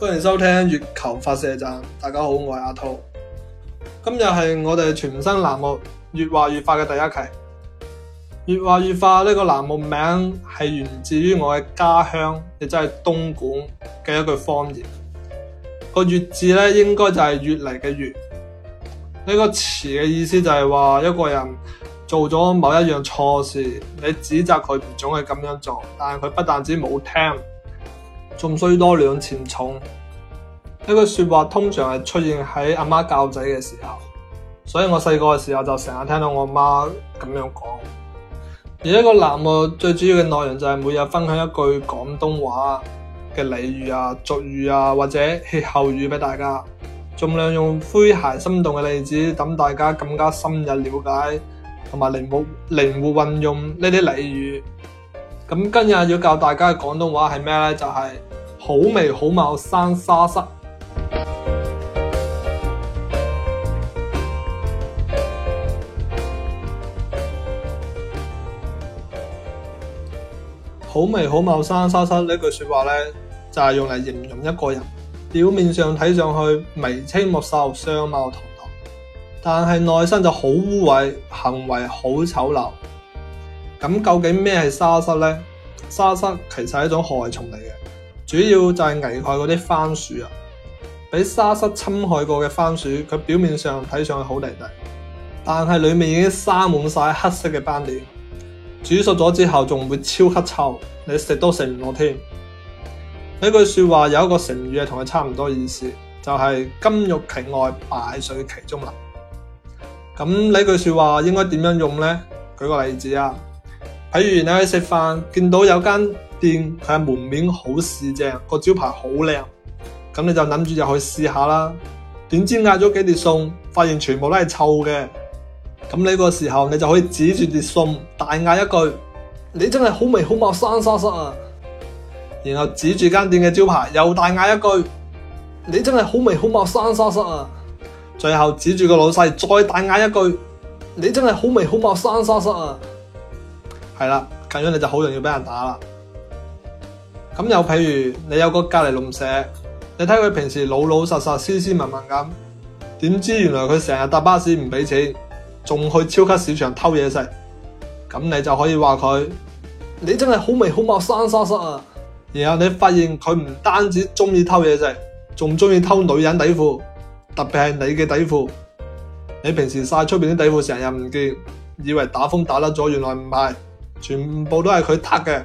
歡迎收聽月球發射站，大家好，我係阿濤。今日係我哋全新欄目《粵話粵發》嘅第一期。《粵話粵發》呢個欄目名係源自於我嘅家鄉，亦即係東莞嘅一句方言。個粵字咧，應該就係粵嚟嘅粵。呢、這個詞嘅意思就係話一個人做咗某一樣錯事，你指責佢，唔總係咁樣做，但係佢不但止冇聽，仲衰多兩錢重。呢句說話通常係出現喺阿媽教仔嘅時候，所以我細個嘅時候就成日聽到我媽咁樣講。而一個欄目最主要嘅內容就係每日分享一句廣東話嘅俚語啊、俗語啊或者歇後語俾大家，盡量用詼諧生動嘅例子，等大家更加深入了解同埋靈活靈活運用呢啲俚語。咁今日要教大家嘅廣東話係咩呢？就係、是、好眉好貌生沙虱。好眉好貌，生沙虱，呢句說話呢，就係、是、用嚟形容一個人，表面上睇上去眉清目秀、相貌堂堂，但係內心就好污穢，行為好醜陋。咁、嗯、究竟咩係沙虱呢？沙虱其實係一種害蟲嚟嘅，主要就係危害嗰啲番薯啊。俾沙虱侵害過嘅番薯，佢表面上睇上去好哋哋，但係裏面已經沙滿晒黑色嘅斑點。煮熟咗之後仲會超級臭，你食都食唔落添。呢句說話有一個成語啊，同佢差唔多意思，就係金玉其外，敗絮其中啦。咁呢句說話應該點樣用呢？舉個例子啊，譬如你去食飯見到有間店佢嘅門面好四正，個招牌好靚，咁你就諗住入去試下啦。點知嗌咗幾碟餸，發現全部都係臭嘅。咁呢個時候，你就可以指住碟餸大嗌一句：你真係好眉好貌生沙虱啊！然後指住間店嘅招牌又大嗌一句：你真係好眉好貌生沙虱啊！最後指住個老細再大嗌一句：你真係好眉好貌生沙虱啊！係啦，咁樣你就好容易俾人打啦。咁又譬如你有個隔籬鄰舍，你睇佢平時老老實實斯斯文文咁，點知原來佢成日搭巴士唔俾錢。仲去超級市場偷嘢食，咁你就可以話佢，你真係好眉好貌生沙虱啊！然後你發現佢唔單止中意偷嘢食，仲中意偷女人底褲，特別係你嘅底褲。你平時曬出面啲底褲成日唔見，以為打風打甩咗，原來唔係，全部都係佢撻嘅。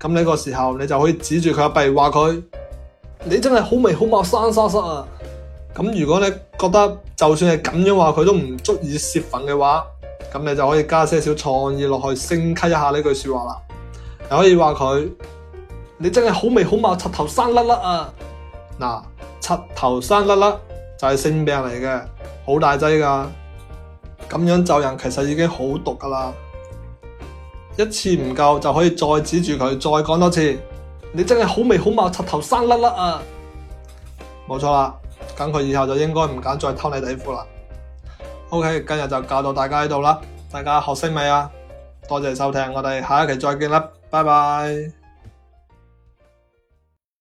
咁呢個時候你就可以指住佢個鼻話佢，你真係好眉好貌生沙虱啊！咁如果你覺得，就算係咁樣話佢都唔足以洩憤嘅話，咁你就可以加些少創意落去升級一下呢句說話啦。你可以話佢： 你真係好眉好貌，柒頭生甩甩啊！嗱、啊，柒頭生甩甩就係、是、性病嚟嘅，好大劑噶。咁樣咒人其實已經好毒噶啦，一次唔夠就可以再指住佢再講多次。你真係好眉好貌，柒頭生甩甩啊！冇錯啦。咁佢以後就應該唔敢再偷你底褲啦。OK，今日就教到大家呢度啦，大家學識未啊？多謝收聽，我哋下一期再見啦，拜拜。